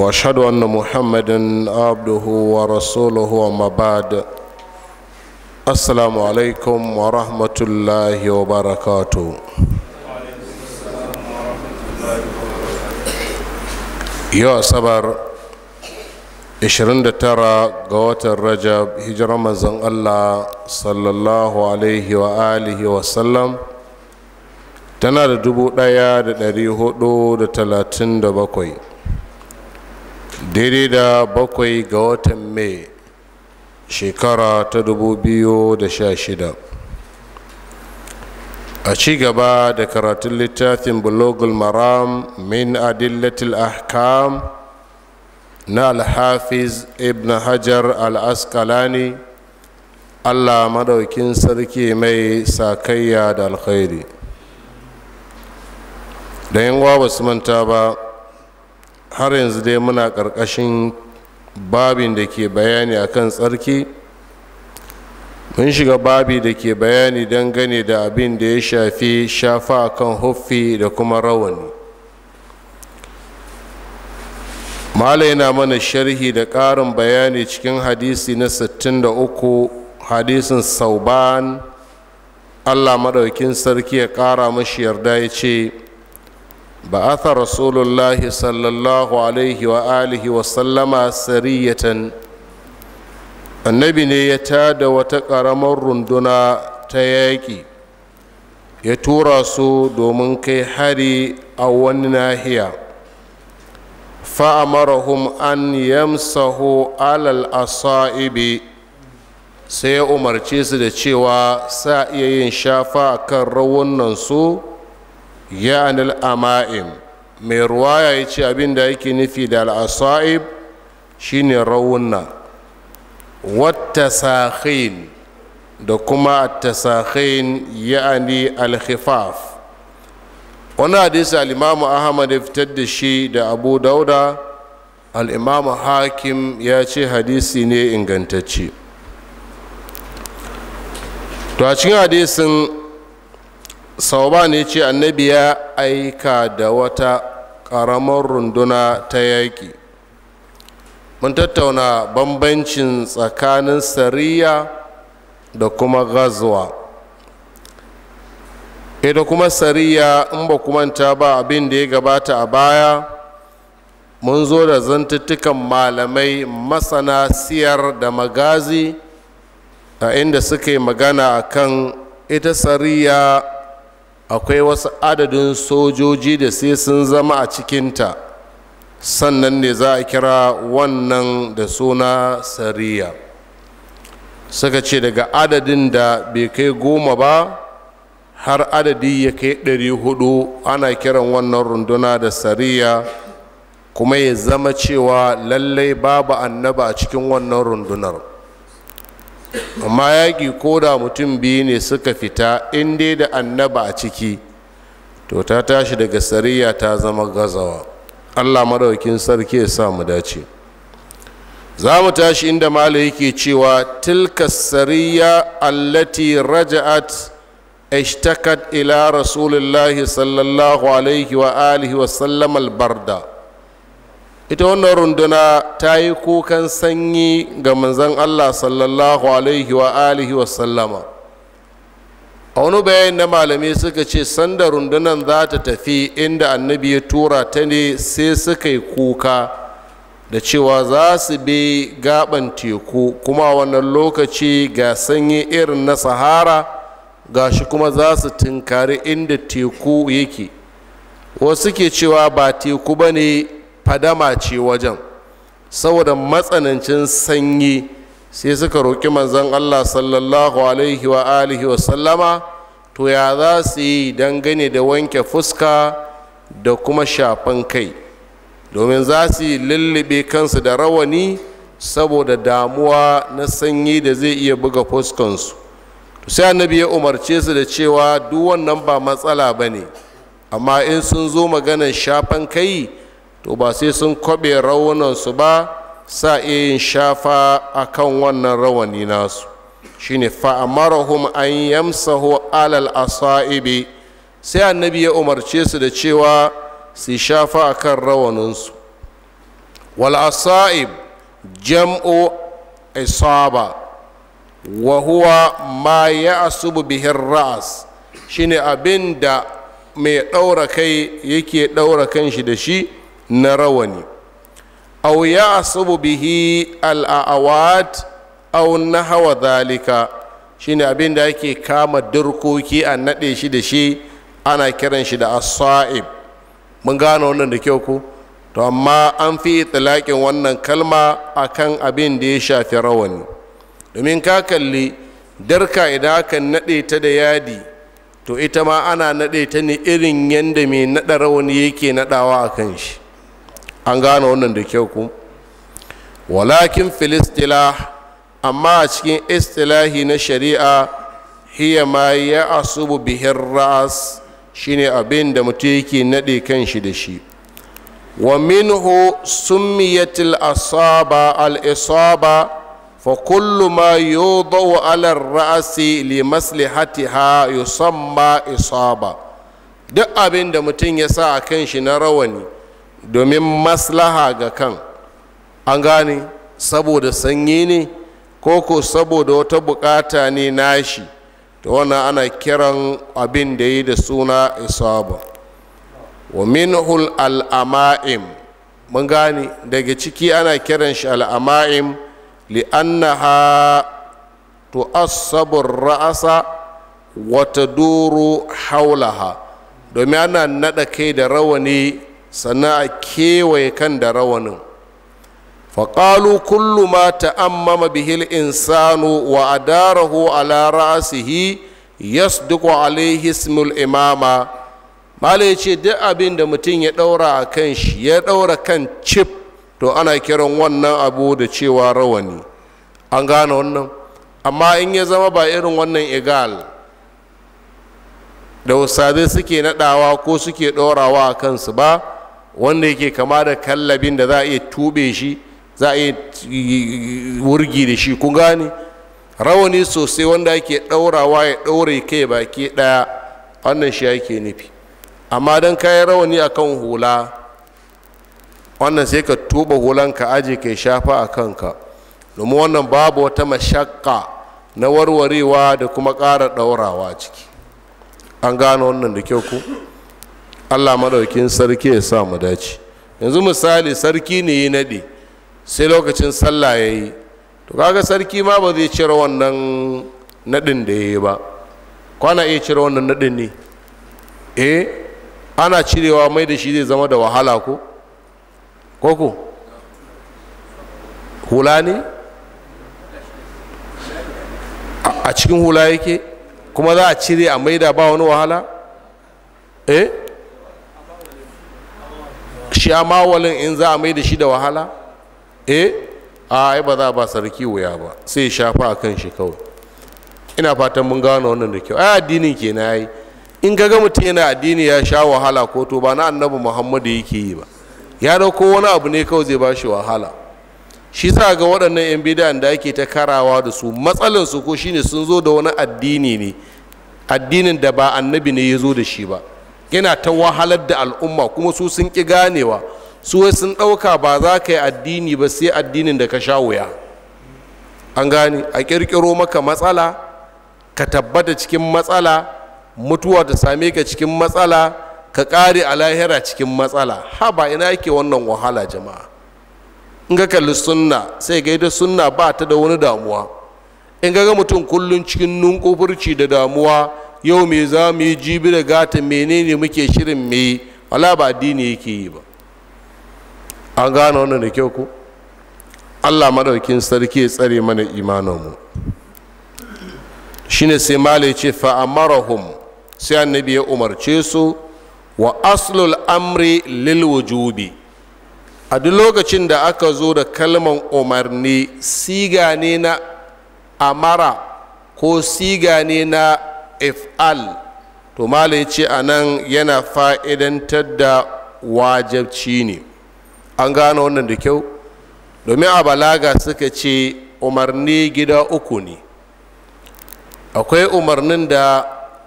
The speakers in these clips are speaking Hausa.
واشهد ان محمدا عبده ورسوله وما بعد السلام عليكم ورحمه الله وبركاته yau asabar tara ga watan rajab hijirar manzon allah sallallahu alaihi wa alihi wa sallam tana da 1437 daidai da bakwai ga watan mai shekara ta dubu biyu da sha shida a ci gaba da karatun littafin bulogul maram min adillatil ahkam na alhafiz ibn hajar al-askalani allah madaukin sarki mai sakayya da alkhairi da yin wa basu manta ba har yanzu dai muna ƙarƙashin babin da ke bayani akan tsarki mun shiga babi da ke bayani dangane da abin da ya shafi shafa a kan huffi da kuma rawani mala yana mana sharhi da ƙarin bayani cikin hadisi na 63 hadisin sauban allah maɗaukin sarki ya ƙara mashi yarda ya ce بعث رسول الله صلى الله عليه وآله وسلم سرية annabi ne ya tada wata ƙaramar runduna ta yaƙi ya tura su domin kai hari a wani nahiya fa'amarahum an yamsahu alal asa'ibi sai ya umarce su da cewa sa iya yin shafa a kan rawunan su ya anil ama'im mai ruwaya ya ce abin da yake nufi da al'asa'ib shine rauna wata sahin da kuma tasahin ya'ani alkhifaf wani hadisi al'imamu ahmad ya fitar da shi da abu dauda al'imamu hakim ya ce hadisi ne ingantacce to a cikin hadisin sauba ne ce annabi ya aika da wata ƙaramar runduna ta yaƙi mun tattauna bambancin tsakanin sariya da kuma gazuwa ita eh, kuma sariya in ba kumanta ba abin da ya gabata a baya mun zo da zantuttukan malamai masana siyar da magazi a inda suka yi magana akan ita sariya akwai wasu adadin sojoji da sai sun zama a cikinta sannan ne za a kira wannan da suna sariya suka ce daga adadin da bai kai goma ba har adadi ya kai ɗari hudu ana kiran wannan runduna da sariya kuma ya zama cewa lallai babu annaba a cikin wannan rundunar amma yaƙi ko da mutum biyu ne suka fita in dai da annaba a ciki to ta tashi daga sariya ta zama gazawa allah maraukin sarki ya sa mu dace za mu tashi inda mala yake cewa tilka sariya allati raja'at ishtakat ila rasulullahi sallallahu alaihi wa alihi wa sallam albarda ita wannan runduna ta yi kukan sanyi ga manzan allah sallallahu alaihi wa alihi wa sallama a wani bayan na malamai suka ce sanda rundunan za ta tafi inda annabi ya tura ta ne sai suka yi kuka da cewa za su bi gaban teku kuma wannan lokaci ga sanyi irin na sahara ga shi kuma za su tunkari inda teku yake wasu ke cewa ba teku ba ne fadama ce wajen saboda matsanancin sanyi sai suka roƙi manzon allah sallallahu alaihi wa alihi wa sallama to ya za su yi dangane da wanke fuska da kuma shafan kai domin za su yi lullube kansu da rawani saboda damuwa na sanyi da zai iya buga fuskansu sai annabi ya umarce su da cewa duk wannan ba matsala ba ne amma in sun zo maganar shafan kai to ba sai sun kwabe su ba sa iya yin shafa a kan wannan rawani nasu shine fa'amarahum an yamsahu alal asa'ibi sai annabi ya umarce su da cewa su shafa a kan rawaninsu wal asa'ib jam'u isaba wa huwa ma ya asubu bihin ra'as shi ne abin da mai ɗaura kai yake ɗaura kan shi da shi na rawani ya asubu bihi na hawa zalika, shi ne abin da ake kama dirkoki a naɗe shi da shi ana kiran shi da asa'ib mun gano wannan da kyau ku. to amma an fi itilaƙin wannan kalma a kan abin da ya shafi rawani domin ka kalli darka idan aka naɗe ta da yadi to ita ma ana naɗe ta ne irin yadda mai naɗa rawani yake naɗawa a kan shi an gano wannan da kyau ku walakin filistila amma a cikin istilahi na shari'a hiya ma ya asubu bihin ra'as ne abin da mutum yake naɗe kan shi da shi wa minhu summiyatil asaba al isaba fa kullu ma yudau ala ra'asi li maslihatiha yusamma isaba duk abin da mutum ya sa a kan shi na rawani domin maslaha ga kan an gane saboda sanyi ne ko ko saboda wata bukata ne nashi ta ana kiran abin da yi da suna isaba wa minhul al'ama'im mun gane daga ciki ana kiran shi al'ama'im li'annaha tu'assabur ra'asa wata duru haulaha domin ana naɗa kai da rawani sannan a kewaye kan da rawanin faƙalu kullu ma ta'ammama bihil insanu wa adarahu ala ra'asihi yasduqu wa ismul imama mala ya ce duk abin da mutum ya ɗaura a kan shi ya ɗaura kan cif to ana kiran wannan abu da cewa rawani an gane wannan amma in ya zama ba irin wannan igal da wasabe suke naɗawa ko suke ɗorawa a kansu ba wanda yake kama da kallabin da za a iya tube shi za a iya wurgi da shi kun gane rawani sosai wanda ake ɗaurawa ya ɗaure kai baki ɗaya wannan shi ake nufi amma don yi rawani akan hula wannan sai ka tuba hulan ka aje kai shafa a kanka domin wannan babu wata mashakka na warwarewa da kuma ƙara ɗaurawa ciki an gano wannan da kyau ku allah maɗaukin sarki ya sa mu dace yanzu misali sarki ne ya naɗe sai lokacin sallah ya yi to kaga sarki ma ba zai cire wannan naɗin da ya yi ba kwana iya cire wannan naɗin ne eh ana cirewa mai da shi zai zama da wahala ko koko hula ne a cikin hula yake kuma za a cire a maida ba wani wahala eh shi amawalin in za a mai da shi da wahala eh a ba za ba sarki wuya ba sai ya shafa a kan shi kawai ina fatan mun gano wannan da kyau ai addinin ke na yi in ga mutum yana addini ya sha wahala ko to ba na annabi muhammadu yake yi ba ya dauko wani abu ne kawai zai ba shi wahala shi sa ga waɗannan 'yan bidan da ake ta karawa da su matsalan su ko shine sun zo da wani addini ne addinin da ba annabi ne ya zo da shi ba yana ta wahalar da al'umma kuma su sun ƙi ganewa su wai sun ɗauka ba za ka yi addini ba sai addinin da ka sha wuya an gane a ƙirƙiro maka matsala ka tabbata cikin matsala mutuwa ta same ka cikin matsala ka ƙare a lahira cikin matsala ha ba ina yake wannan wahala jama'a in ga kalli sunna sai ga ita sunna ba ta da wani damuwa in ga mutum kullum cikin nunkufurci da damuwa yau me za mu yi jibi da gata menene muke shirin me wala ba addini yake yi ba an gane wannan da kyau ko allah madaukin sarki ya tsare mana imaninmu shine sai malai ce fa'amarahum sai annabi ya umarce su wa aslul amri lil wujubi a duk lokacin da aka zo da kalman umarni siga ne na amara ko siga ne na if'al to mala ya ce a nan yana fa'idantar da wajabci ne an gano wannan da kyau domin a balaga suka ce umarni gida uku ne akwai umarnin da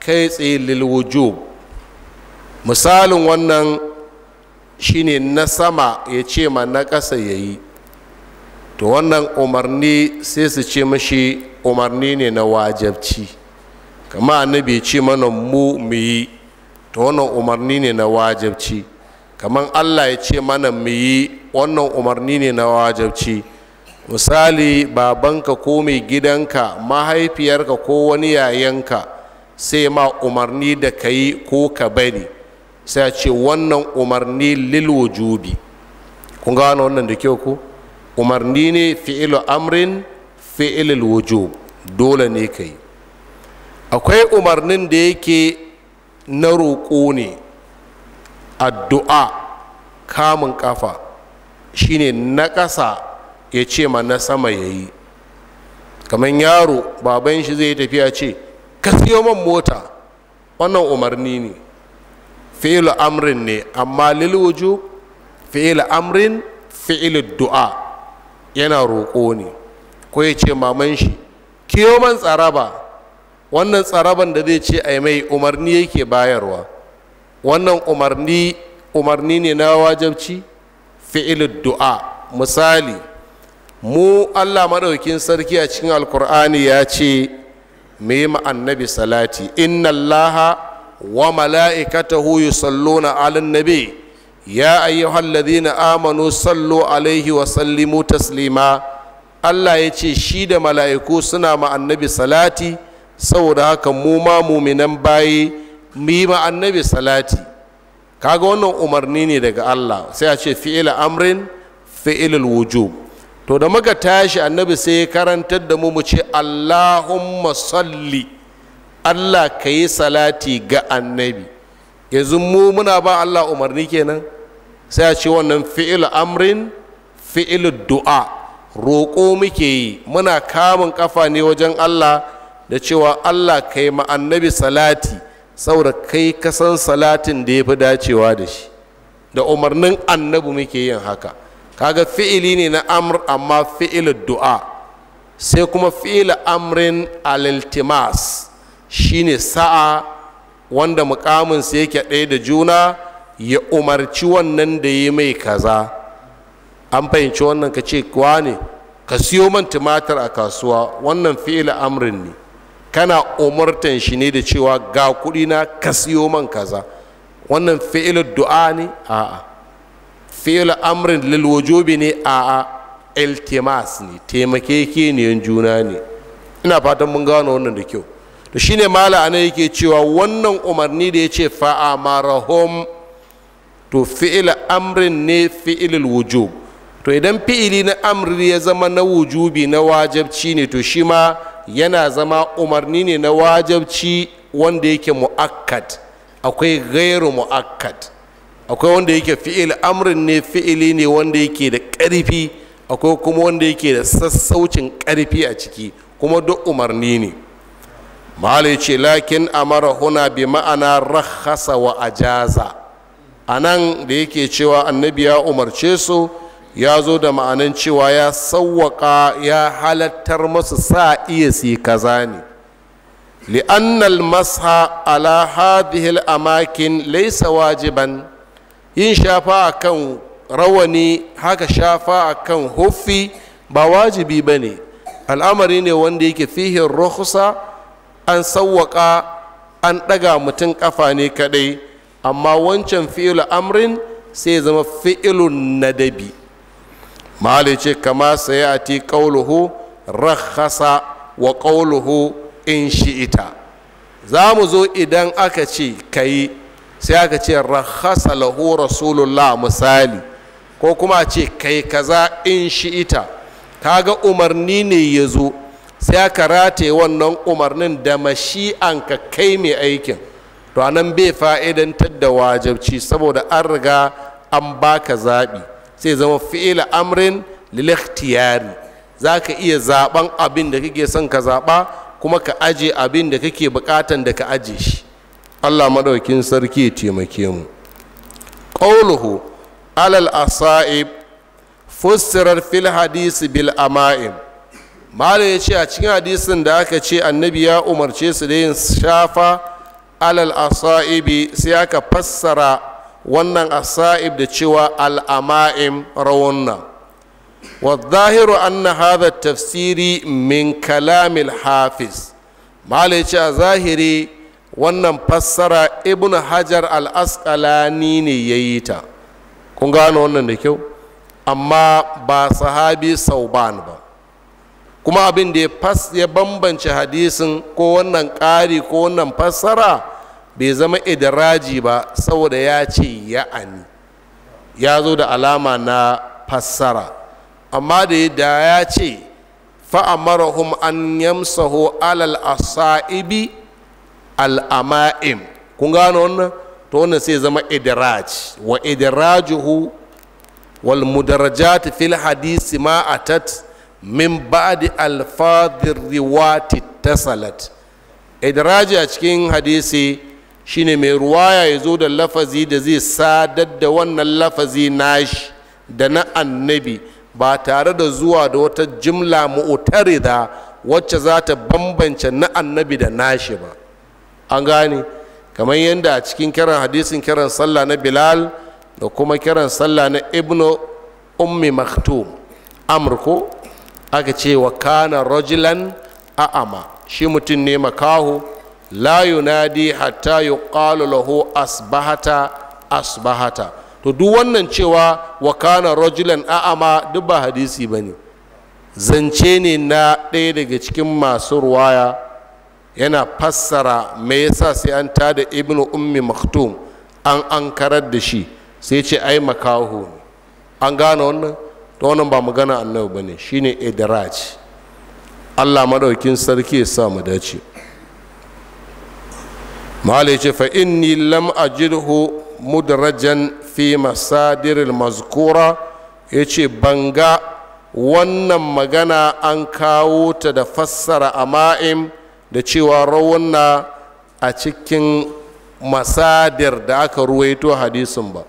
kai tsaye lilwujub misalin wannan shine na sama ya ce ma na ƙasa ya yi to wannan umarni sai su ce mashi umarni ne na wajabci kama annabi ce mana mu mu yi ta wannan umarni ne na wajabci kamar allah ya ce mana mu yi wannan umarni ne na wajabci misali babanka ko mai gidanka mahaifiyarka ko wani yayanka sai ma umarni da ka yi ko ka bari sai a ce wannan umarni lil wujubi kun gano wannan da kyau ko umarni ne fi'ilu amrin fi'ilul wujub dole ne ka yi akwai umarnin da yake na roƙo ne addu'a kamun kafa shine na ƙasa ya ce ma na sama ya yi kamar yaro baban shi zai tafiya ce ka siyo man mota wannan umarni ne fi'il amrin ne amma lil wujub fi'il amrin fi'il du'a yana roƙo ne ko ya ce maman shi kiyo man tsaraba wannan tsaraban da zai ce ai mai umarni yake bayarwa wannan umarni umarni ne na wajabci fi'ilid du'a misali mu allah madaukin sarki a cikin alkur'ani ya ce me ma annabi salati inna allaha wa mala'ikatahu yusalluna alan nabi ya ayyuhalladhina amanu sallu alaihi wa sallimu taslima allah ya ce shi da mala'iku suna ma annabi salati saboda haka mu ma muminan bayi mu yi ma annabi salati kaga wannan umarni ne daga Allah sai a ce fi'il amrin fi'il wujub to da muka tashi annabi sai ya karantar da mu mu ce Allahumma salli Allah ka yi salati ga annabi yanzu mu muna ba Allah umarni kenan sai a ce wannan fi'il amrin fi'il du'a roƙo muke yi muna kamun kafa ne wajen Allah da cewa allah kai ma annabi salati saboda kai kasan salatin da ya fi dacewa da shi da umarnin annabi muke yin haka kaga fi'ili ne na amr amma fi'ilin du'a sai kuma fi'ilin amrin shi shine sa'a wanda mukaminsa yake ɗaya da juna ya umarci wannan da yi mai kaza an fahimci wannan ka ce kwa ne ka siyo man tumatir a kasuwa wannan fi'ilin amrin ne kana umartan shi ne da cewa ga kuɗi na ka man kaza wannan fi'il du'a ne a'a fi'il amrin lil wujubi ne a'a iltimas ne taimake ke taimakekeniyan juna ne ina fatan mun gano wannan da kyau to shine mala ana yake cewa wannan umarni da ya ce fa'amarahum to fi'il amrin ne fi'il wujub to idan fi'ili na amri ya zama na wujubi na wajabci ne to shi ma yana zama umarni ne na wajabci wanda yake mu'akkad akwai gairu mu'akkad akwai wanda yake fi'il amrin ne fi'ili ne wanda yake da ƙarfi akwai kuma wanda yake da sassaucin ƙarfi a ciki kuma duk umarni ne mahalai ce lakin amara huna bi ma'ana rahasa wa ajaza a nan da yake cewa annabi ya umarce su ya zo da ma'anin cewa ya sawwaka ya halattar masu sa iya si kaza ne li'annal masha ala a amakin laisa wajiban yin shafa a kan rawani haka shafa a kan huffi ba wajibi ba ne. al'amari ne wanda yake fihin rukhsa an sawwaka an ɗaga mutum ƙafa ne kaɗai amma wancan fi'il amrin sai zama fi'ilun nadabi malai ce kama sai a ti ƙauluhu rakhasa wa ƙauluhu in shi'ita za mu zo idan aka ce ka yi sai aka ce rakhasa lahu rasulullah misali ko kuma ce kai kaza in shi shi'ita kaga umarni ne ya zo sai aka rataye wannan umarnin da mashi'anka kai mai aikin to anan bai fa'idantar da wajabci saboda an riga an baka zaɓi sai zama fi'ila amrin lilakhtiyari za ka iya zaɓan abin da kake son ka zaɓa kuma ka aje abin da kake buƙatan da ka aje shi allah maɗaukin sarki ya taimake mu ƙauluhu alal asa'ib fustirar fil hadisi bil ama'im malam ya ce a cikin hadisin da aka ce annabi ya umarce su da yin shafa alal asa'ibi sai aka fassara wannan asa'ib da cewa al'ama'im rawunna والظاهر أن tafsiri التفسير kalamil hafiz الحافظ ce a zahiri wannan fassara ibn hajar al-asqalani ne ya yi ta kun gano wannan da kyau amma ba sahabi sauban ba kuma abin da ya bambance hadisin ko wannan ƙari ko wannan fassara bai zama idiraji ba saboda ya ce ya'ani ya zo da alama na fassara amma da yadda ya ce fa'amarahum an yamsahu alal saIbi al'ama'im kun gano wannan to wannan sai zama idiraj wa idirajuhu wal mudarajat fil hadisi ma atat min ba'di alfadir riwati tasalat idiraji a cikin hadisi shine mai ruwaya ya zo da lafazi da zai sadar da wannan lafazi nashi da na annabi ba tare da zuwa da wata jimla da wacce za ta bambance na annabi da nashi ba an gane kamar yadda a cikin kiran hadisin kiran sallah na bilal da kuma kiran sallah na ibnu ummi maktum Amurko, aka ce wa kana rajulan a'ama shi mutum ne makaho la yunadi hatta yuqalu lahu asbahata asbahata to duk wannan cewa wa kana rajulan a'ama duk ba hadisi bane zance ne na ɗaya daga cikin masu ruwaya yana fassara me yasa sai an tada ibnu ummi maktum an ankarar da shi sai ce ai makaho an gane wannan to wannan ba magana annabi bane shine idraj Allah madaukin sarki ya sa mu dace malice ce fa inni lam ajidhu mudrajan fi masadiril mazkura yace banga wannan magana an kawo ta da fassara ama'im da cewa rawanna a cikin masadir da aka ruwaito hadisin ba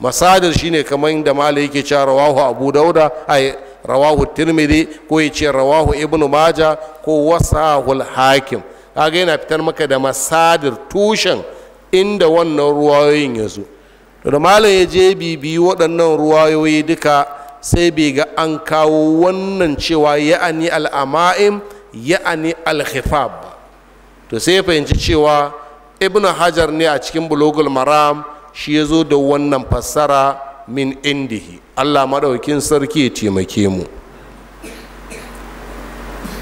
masadir shine kamar da malai yake cewa rawahu abu dauda ai rawahu tirmidhi ko ya ce rawahu ibnu maja ko wasahul hakim kaga yana fitar maka da masadir tushen inda wannan ruwayoyin ya zo to da malam ya je bibiyi waɗannan ruwayoyi duka sai bai ga an kawo wannan cewa ya'ani al'ama'im ya'ani al-khifab to sai fahimci cewa ibn hajar ne a cikin bulogul maram shi ya zo da wannan fassara min indihi allah maɗaukin sarki ya taimake mu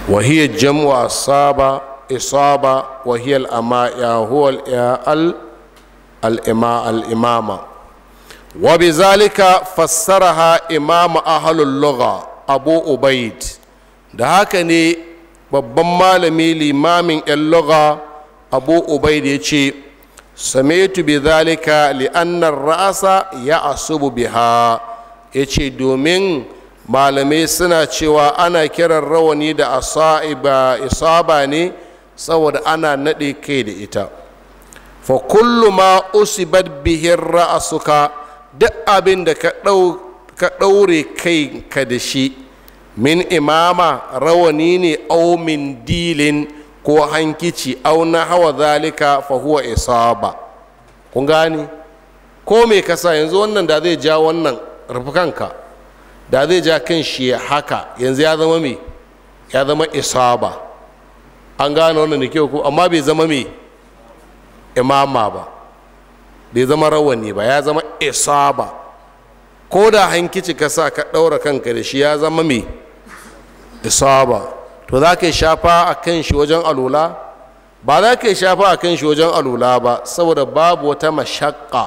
wahiyar jam'a saba isaba wa hiya al-ama ya huwa al-imama wa bi zalika fassaraha imam ahlul lugha abu ubaid da haka ne babban malami limamin yan lugha abu ubaid ya ce samitu bi zalika ra'asa ya asubu biha ya ce domin malamai suna cewa ana kiran rawani da isaba ne saboda ana naɗe kai da ita fa kullu ma usibat bihin ra'asuka duk abin da ka ɗaure kai ka da shi min imama rawani ne au min dilin ko hankici au na hawa zalika fa huwa isaba kun gani ko me kasa yanzu wannan da zai ja wannan rufi kanka da zai ja kan shi haka yanzu ya zama me ya zama isaba an gane wannan da kyau ko amma bai zama mai imama ba bai zama rawani ba ya zama isaba ko da hankici ka sa ka ɗaura kanka da shi ya zama mai isaba to za ka yi shafa a kan shi wajen alula ba za ka yi shafa a kan shi wajen alula ba saboda babu wata mashakka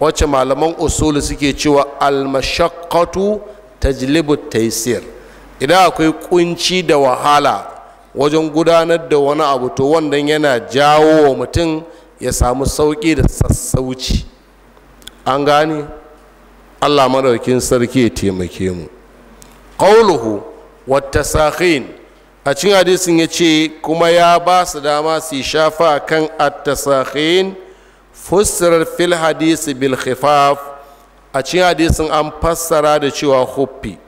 wacce malaman usulu suke cewa almashakkatu tajlibu taisir idan akwai kunci da wahala wajen gudanar da wani abu to wannan yana jawo wa mutum ya samu sauƙi da sassauci an gane allah maɗaukin sarki ya taimake mu ƙauluhu wata sahin a cin hadisin ya ce kuma ya ba su dama su shafa kan attasahin fussirar fil hadisi bil khifaf a cin hadisin an fassara da cewa hufi,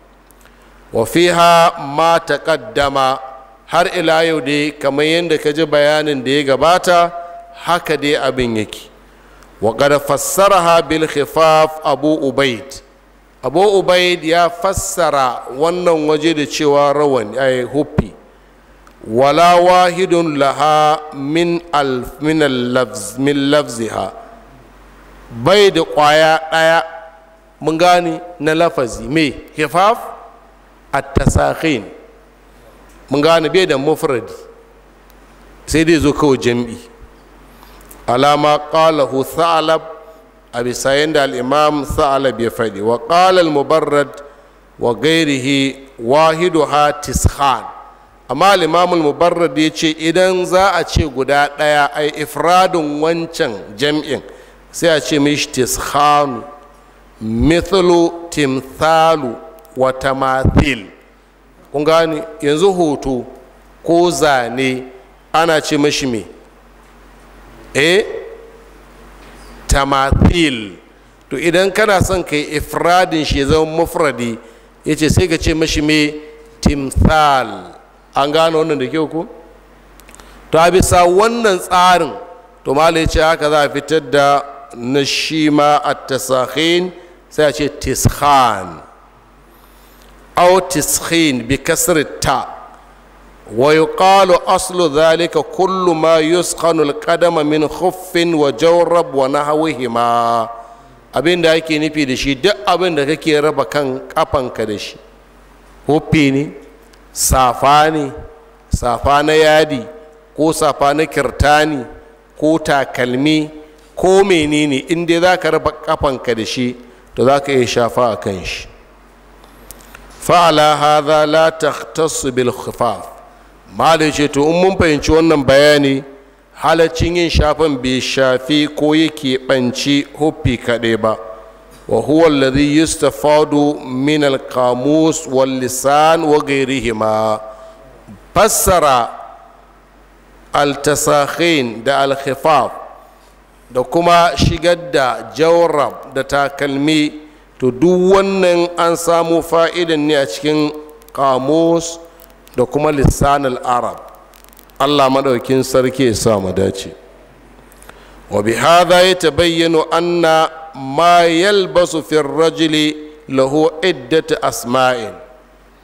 wa fiha ma ƙaddama. har ila yau dai kamar yadda ka ji bayanin da ya gabata haka dai abin yake wa qad fassaraha bil khifaf abu ubaid abu ubaid ya fassara wannan waje da cewa rawan ai huffi wala wahidun laha min alf min lafz min lafziha bai da kwaya daya mun gane na lafazi me khifaf at-tasakhin mun gane bai da Mufrad sai dai zo kawai jam'i alama qalahu sa'alab a bisa yadda al'imam sa'alab ya faɗi wa qala mubarrad wa gairihi ha tishan amma al'imam mubarrad ya ce idan za a ce guda ɗaya ai ifradin wancan jam'in sai a ce mishi tishanu mithlu timthalu wa tamathil kun gane yanzu hoto ko zane ana ce mashi me e tamathil to idan kana son kai yi ifradin shi zama mufradi ya ce sai ka ce mashi me timthal an gane wannan da kyau ku. to a bisa wannan tsarin to malai ce haka za a fitar da na shima a tasahin sai a ce tishan aw tiskhin bi kasri ta wa yuqalu aslu zalika kulluma ma yusqanu al min khuffin wa na wa nahwihima abin da ake nufi da shi duk abin da kake raba kan kafanka da shi huffi ne safa ne safa na yadi ko safa na kirtani ko takalmi ko menene in dai za ka raba kafanka da shi to za ka iya shafa a kan shi fa'ala hadha la takhtassu bil khifaf malai ce to in mun fahimci wannan bayani halacin yin shafan bai shafi ko yake banci huffi kaɗai ba wa huwa alladhi yustafadu min al qamus wal lisan wa ghayrihima fassara al tasakhin da al khifaf da kuma shigar da jawrab da takalmi to duk wannan an samu fa'idan ne a cikin kamus da kuma lissanin arab allah maɗaukin sarki ya sa mu dace wa bi hadha bayyana anna ma yalbasu fi rajuli lahu iddatu asma'in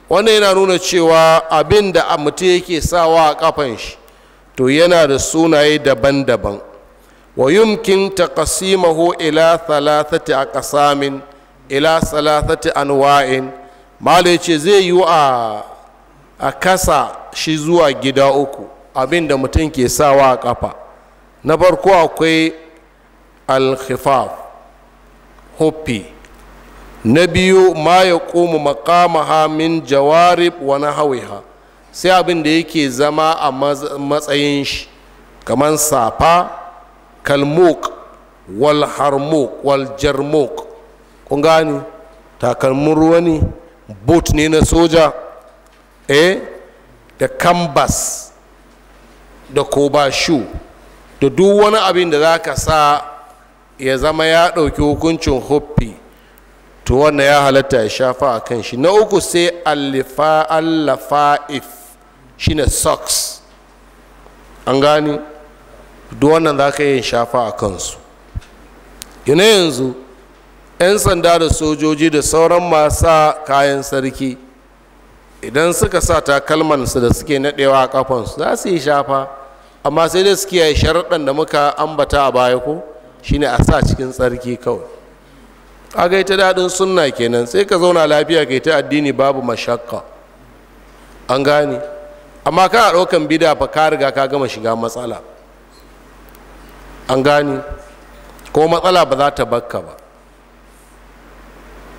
wannan yana nuna cewa abin da mutum yake sawa a kafan shi to yana da sunaye daban-daban wa yumkin taqsimahu ila thalathati aqsamin ila salatati anwa'in mala ya ce zai yi a a kasa shi zuwa gida uku abin da mutum ke sawa a kafa na farko akwai alkhifaf Huffi. na biyu ma ya ƙomu makamaha min jawarib wa na hawiha sai abin da yake zama a matsayin shi kamar safa kalmuk wal harmuk kun gani takalmin ruwa ne boot ne na soja eh da canvas da koba shu da duk wani abin da za ka sa ya zama ya ɗauki hukuncin hoppi to wannan ya halatta ya shafa a kan shi na uku sai if shi ne socks an gani duk wannan za ka yin shafa a kansu yanayin yanzu 'yan sanda da sojoji da sauran masa kayan sarki idan suka sa takalman takalmansu da suke naɗewa a kafansu za su yi shafa amma sai dai suke yi sharaɗan da muka ambata a baya ko shine a sa cikin tsarki kawai kaga ita daɗin sunna kenan sai ka zauna lafiya kai ta addini babu mashakka an gane amma ka ɗaukan bida fa ka riga ka gama shiga matsala an gane ko matsala ba za ta bakka ba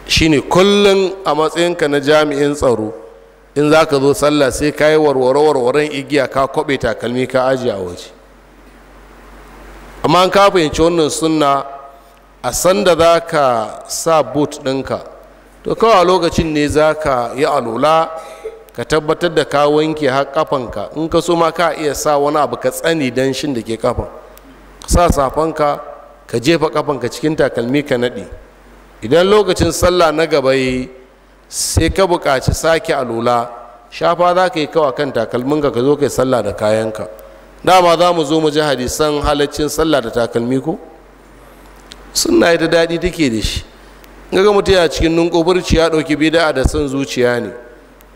shine kullum a matsayinka na jami'in tsaro in za ka zo sallah sai ka yi warware-warwaren igiya ka kwaɓe takalmi ka ajiye a waje amma an ka fahimci wannan sunna a sanda za ka sa boot ɗinka to kawai a lokacin ne za ka yi alula ka tabbatar da ka wanke har kafanka in ka so ma ka iya sa wani abu ka tsani dan shin da ke kafan sa safanka ka jefa kafanka cikin takalmi ka naɗi. idan lokacin sallah na gaba yi sai ka buƙaci sake alula shafa za ka yi kawa kan takalminka ka zo ka yi sallah da kayanka dama za mu zo mu ji hadisan halaccin sallah da takalmi ko sunna ita daɗi take da shi Gaga mutum cikin nunkofurci ya ɗauki bida'a da son zuciya ne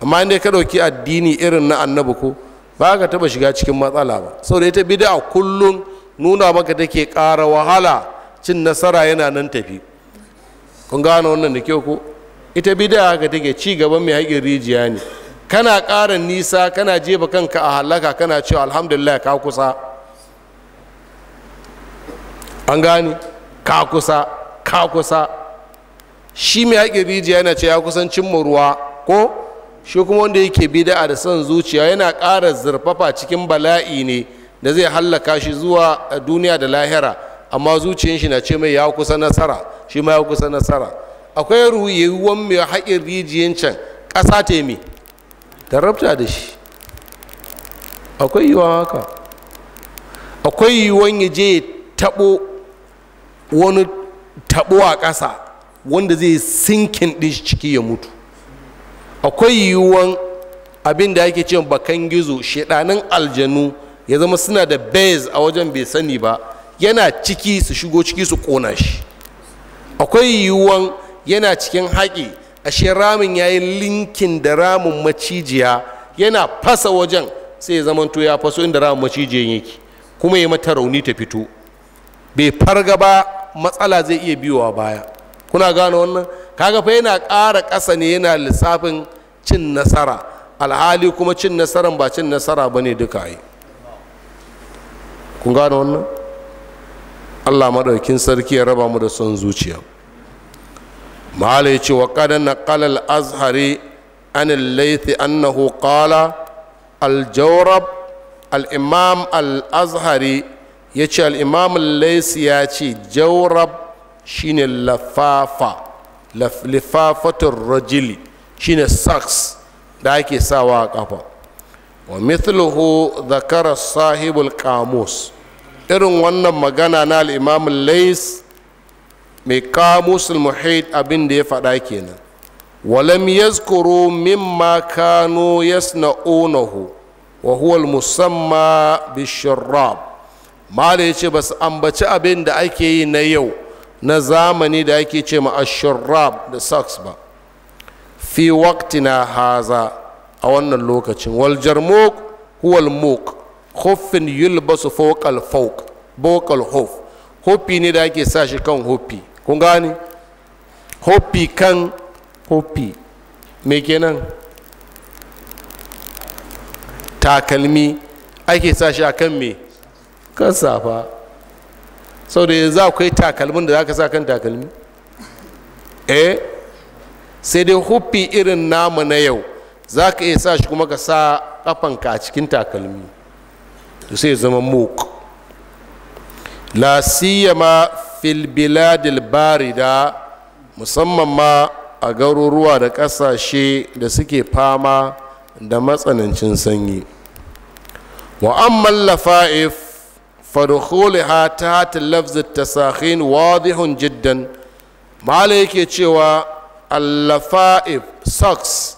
amma inda ka ɗauki addini irin na annabi ko ba ka taɓa shiga cikin matsala ba saboda ita bida'a kullum nuna maka take ƙara wahala cin nasara yana nan tafi kun gano wannan da kyau ko ita bid'a haka take ci gaban mai haƙin rijiya ne kana ƙara nisa kana jefa kanka a halaka kana cewa alhamdulillah ka kusa an gane ka kusa ka kusa shi mai haƙin rijiya yana ce ya kusan cimma ruwa ko shi kuma wanda yake bid'a da son zuciya yana ƙara zurfafa cikin bala'i ne da zai hallaka shi zuwa duniya da lahira amma zuciyar shi na ce mai ya kusa nasara shi ma ya kusa nasara akwai ruwayewar mai haƙin rijiyan can ƙasa ta yi ta rabta da shi akwai wa haka akwai yiwuwan ya je taɓo wani taɓo a ƙasa wanda zai sinkin ɗin shi ciki ya mutu akwai yiwuwan abin da ake cewa bakan gizo shaɗanin aljanu ya zama suna da bez a wajen bai sani ba yana ciki su shigo ciki su kona shi akwai yiwuwan yana cikin haƙi ashe ramin ya yi linkin da ramin macijiya yana fasa wajen sai ya zamanto ya faso inda ramin macijiyan yake kuma ya mata rauni ta fito bai farga ba matsala zai iya biyowa baya kuna gane wannan kaga fa yana ƙara ƙasa ne yana lissafin cin nasara alhali kuma cin nasaran ba cin nasara ba ne duka yi kun gane wannan allah maɗaukin sarki ya raba mu da son zuciya mahala ya ce wa kada na azhari an laithi annahu qala aljawrab al'imam al'azhari ya ce al laisi ya ce jawrab shine lafafa lifafatun rajili shine saks da ake sawa a kafa wa mithluhu zakara sahibul kamus irin wannan magana na al'imamun lais mai kamusul muhit abin da ya faɗa kenan walam yazkuru mimma kano yasna'unahu wa huwa musamma bishirab mala ya ce ba su ambaci abin da ake yi na yau na zamani da ake ce ma ashirab da saks ba fi waktina haza a wannan lokacin wal jarmuk huwal muk huffin yulbasu fokal fok bokal hof hoppi ne da ake sa shi kan hoppi kun gane hoppi kan hoppi me kenan takalmi ake sa shi a kan me kan safa sau da yanzu akwai takalmin da za ka sa kan takalmi eh sai dai huffi irin namu na yau za ka iya sa shi kuma ka sa kafanka a cikin takalmi to sai zama muk la siyama fil biladil barida musamman ma a garuruwa da ƙasashe da suke fama da matsanancin sanyi wa amman lafa'if ta hatin lafzin tasakhin wadihun jiddan mala yake cewa allafa'if socks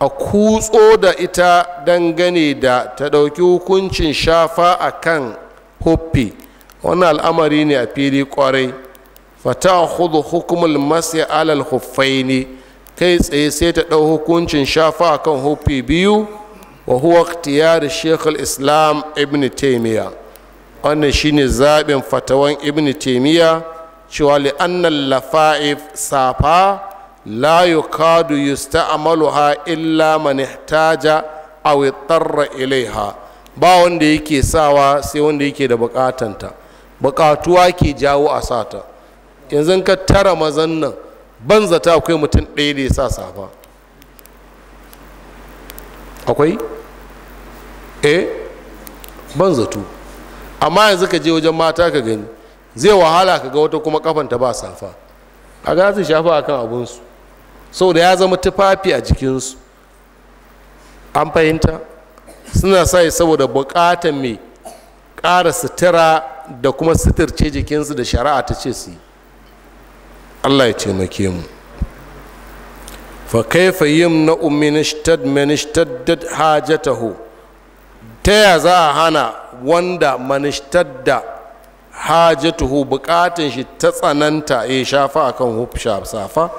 a kutso da ita dangane da ta ɗauki hukuncin shafa a kan huffi wani al'amari ne a fili kwarai fata hudu hukumul masu alal huffai ne kai tsaye sai ta ɗau hukuncin shafa a kan huffi biyu wa huwa tiyar shekul islam ibn taimiyya wannan shine zaɓin fatawan ibn taimiyya cewa li'annan lafa'if safa la yukadu yusta'maluha illa man ihtaja aw itarra ilaiha ba wanda yake sawa sai wanda yake da bukatanta bukatuwa ke jawo a sata yanzu ka tara mazan nan ban zata akwai mutum ɗaya da ya sa safa akwai eh ban zato amma yanzu ka je wajen mata ka gani zai wahala ka ga wata kuma kafanta ba safa a ga zai shafa akan abunsu da ya zama tufafi a jikinsu an fahimta suna sa saboda bukatan mai ƙara sutura da kuma suturce jikinsu da shari'a ta ce su allah ya taimake mu fa kaifa yin na uminishtad manishtaddat hajatahu ta ya za a hana wanda manishtadda hajatuhu buƙatan shi ta tsananta ya shafa akan huf safa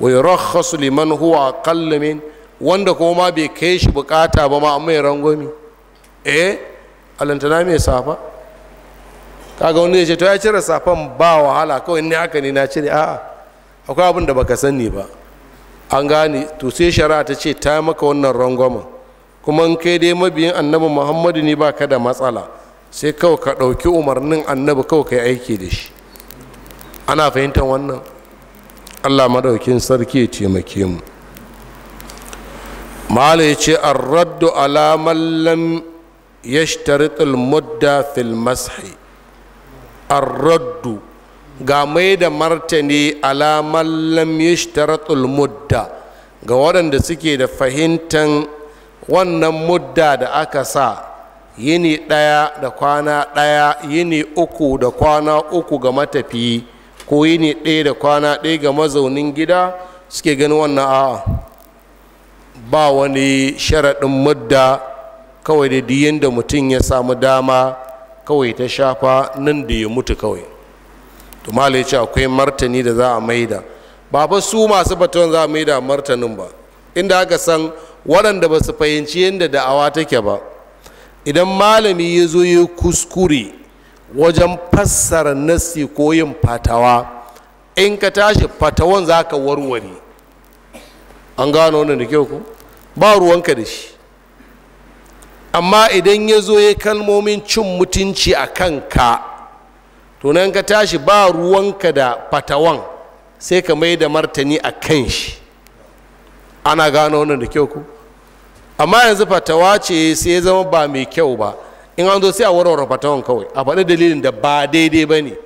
wa yurakhasu liman huwa kallamin wanda kuma bai kai shi bukata ba ma mai rangwami eh alantana safa kaga wani ya to ya cire safan ba wahala kawai ni haka ne na cire a'a akwai abin da baka sani ba an gane to sai shari'a ta ce ta maka wannan rangwamin kuma in kai dai mabiyin annabi muhammadu ne baka da matsala sai kawai ka ɗauki umarnin annabi kawai ka yi aiki da shi ana fahimtar wannan allah maɗaukin sarki ya taimake mu mala ya ce an raddu alaman lam ya mudda fil mashi raddu ga mai da martani alaman lam ya mudda ga waɗanda suke da fahimtan wannan mudda da aka sa yini ɗaya da kwana ɗaya yini uku da kwana uku ga matafiyi koyi ne ɗaya da kwana ɗaya ga mazaunin gida suke ganin wannan a ba wani sharaɗin mudda kawai da diyan da mutum ya samu dama kawai ta shafa nan da ya mutu kawai to ya ce akwai martani da za a maida ba ba su masu baton za a maida martanin ba inda aka san waɗanda ba su fahimci yadda da'awa take ba idan malami ya zo ya kuskure wajen fassara nassi ko yin fatawa in ka tashi fatawan za ka warware an gano wannan da kyau ku ba ruwanka da shi amma idan ya zo ya kalmomin cin mutunci a kanka ka tunan ka tashi ba ruwanka da fatawan sai ka mai da martani a kan shi ana gano wannan da kyau ku amma yanzu fatawa ce sai ya zama ba mai kyau ba in an zo sai a warware fatawan kawai a faɗi dalilin da ba daidai ba ne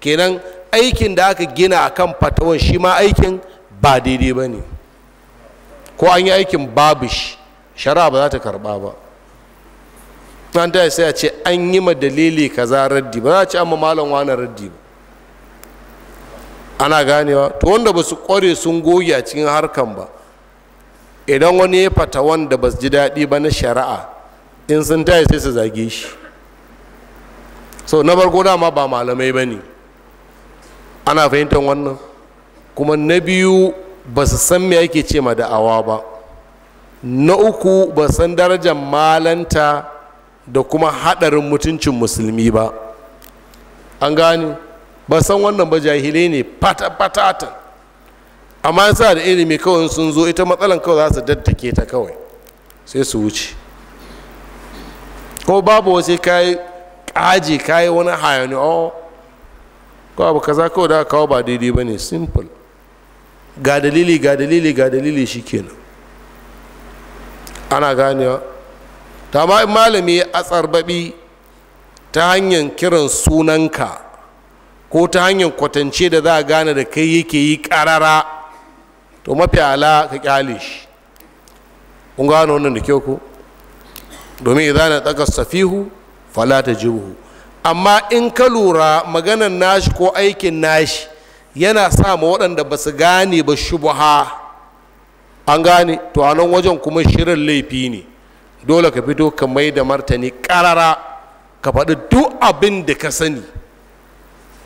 kenan aikin da aka gina a kan fatawan shi ma aikin ba daidai ba ne ko an yi aikin babu shi shara ba za ta karɓa ba an ta sai a ce an yi ma dalili kaza raddi ba za a ce an malam wani raddi ba ana ganewa to wanda ba su kware sun goge a cikin harkan ba idan wani ya fata wanda ba su ji daɗi ba na shari'a in sun taya sai su zage shi so na farko dama ba malamai ba ne ana fahimtar wannan kuma na biyu ba su san me ake ce ma da'awa ba na uku ba san darajar malanta da kuma haɗarin mutuncin musulmi ba an gane ba san wannan ba jahilai ne fata amma sa da ilimi kawai sun zo ita matsalan kawai za su daddake ta kawai sai su wuce ko babu wasu kayi kaji kayi wani hayani o oh, ko abu kaza kawai da kawo ba daidai ba ne simple ga dalili ga dalili ga dalili shi kenan ana ganewa ta ma malami a tsarbabi ta hanyar kiran sunanka ko ta hanyar kwatance da za a gane da kai yake yi karara to mafi ala ka kyale shi kun gano wannan da kyau ko domin idan na daga safihu fala ta jihu amma in ka lura maganan nashi ko aikin nashi yana sa ma waɗanda ba su gane ba shubuha an gane to a nan wajen kuma shirin laifi ne dole ka fito ka mai da martani ƙarara ka faɗi duk abin da ka sani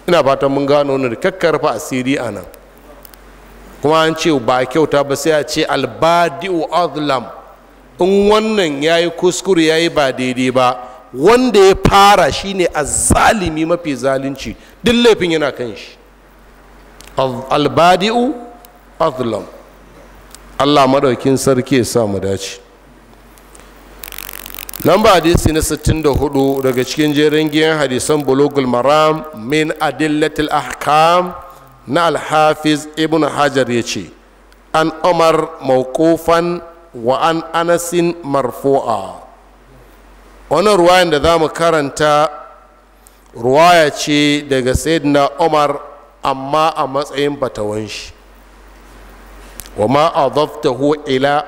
ina fatan mun gano ne kakkarfa asiri a nan kuma an ce ba kyauta ba sai a ce albadi'u azlam in wannan ya yi kuskure ya yi ba daidai ba wanda ya fara shine zalimi mafi zalunci duk laifin yana kan shi albadi'u azlam allah maɗaukin sarki ya sa mu dace ba hadisi na 64 daga cikin jerin giyan hadisan bulogul maram min adillatil ahkam na alhafiz ibn hajar ya ce an umar mawqufan wa an anasin marfu'a wannan ruwayan da za mu karanta ruwaya ce daga sayyidina umar amma a matsayin batawan shi wa ma adaftahu ila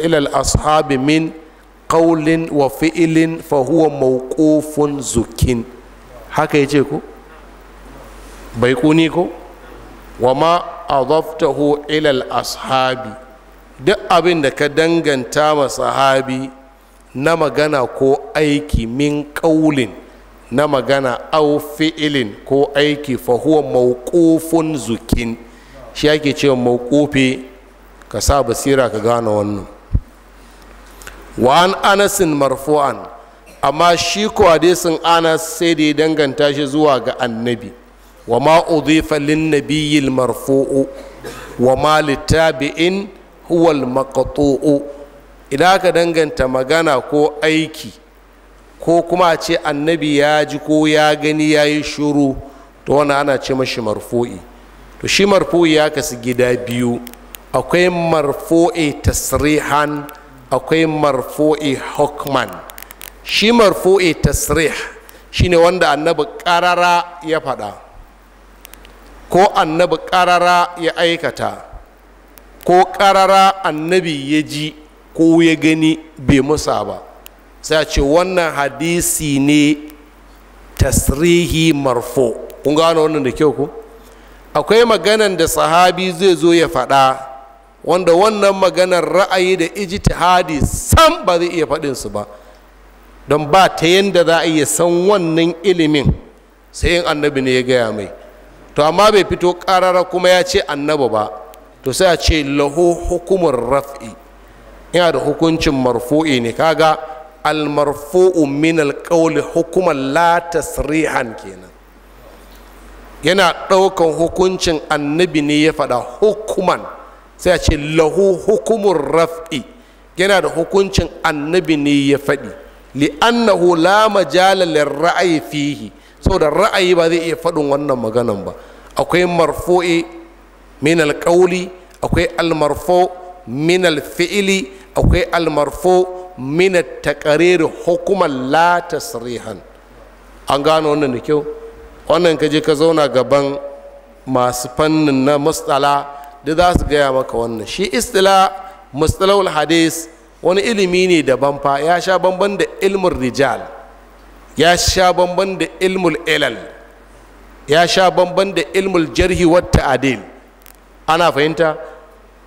ila ashabi min qawlin wa fi'ilin fa huwa mawqufun zukin haka yace ko bai kuni ko wa ma adaftahu ila ashabi duk abin da ka danganta ma sahabi na magana ko aiki min ƙaulin na magana au fi'ilin ko aiki fahuwa mawqufun zukin shi ake cewa maukofi ka sa basira ka gane wannan wa an anasin marfu'an amma shi ko sun anas sai da ya danganta shi zuwa ga annabi wa ma lin marfu'u wa ma littabi'in huwal maqtu'u idan aka danganta magana ko aiki ko kuma a ce annabi ya ji ko ya gani ya yi shuru to wani ana ce mashi marfo'i to shi marfo'i ya kasu gida biyu akwai marfo'i tasrihan akwai marfo'i hukman shi marfo'i tasrih shine wanda annabi ƙarara ya faɗa ko annabi ƙarara ya aikata ko ƙarara annabi ya ji ko ya gani bai musa ba sai a ce wannan hadisi ne tasrihi marfo kun gano wannan da kyau ku akwai maganan da sahabi zai zo ya faɗa wanda wannan maganar ra'ayi da ijtihadi sam ba zai iya faɗin su ba don ba ta yadda za a iya san wannan ilimin sai yin annabi ne ya gaya mai to amma bai fito ƙarara kuma ya ce annabi ba to sai a ce laho hukumar raf'i yana da hukuncin marfu'i ne kaga almarfu'u min alqawli hukumar la tasrihan kenan yana ɗaukan hukuncin annabi ne ya faɗa hukuman sai a ce lahu hukumar raf'i yana da hukuncin annabi ne ya faɗi li'annahu la majala lirra'ayi fihi saboda ra'ayi ba zai iya faɗin wannan maganan ba akwai marfu'i min alƙauli akwai almarfo min alfi'ili akwai almarfo min taqarir hukuman la tasrihan an gano wannan da kyau wannan ka je ka zauna gaban masu fannin na mustala da za su gaya maka wannan shi istila mustalawul hadis wani ilimi ne daban fa ya sha bamban da ilmul rijal ya sha bamban da ilmul ilal ya sha bamban da ilmul jarhi wa ta'dil ana fahimta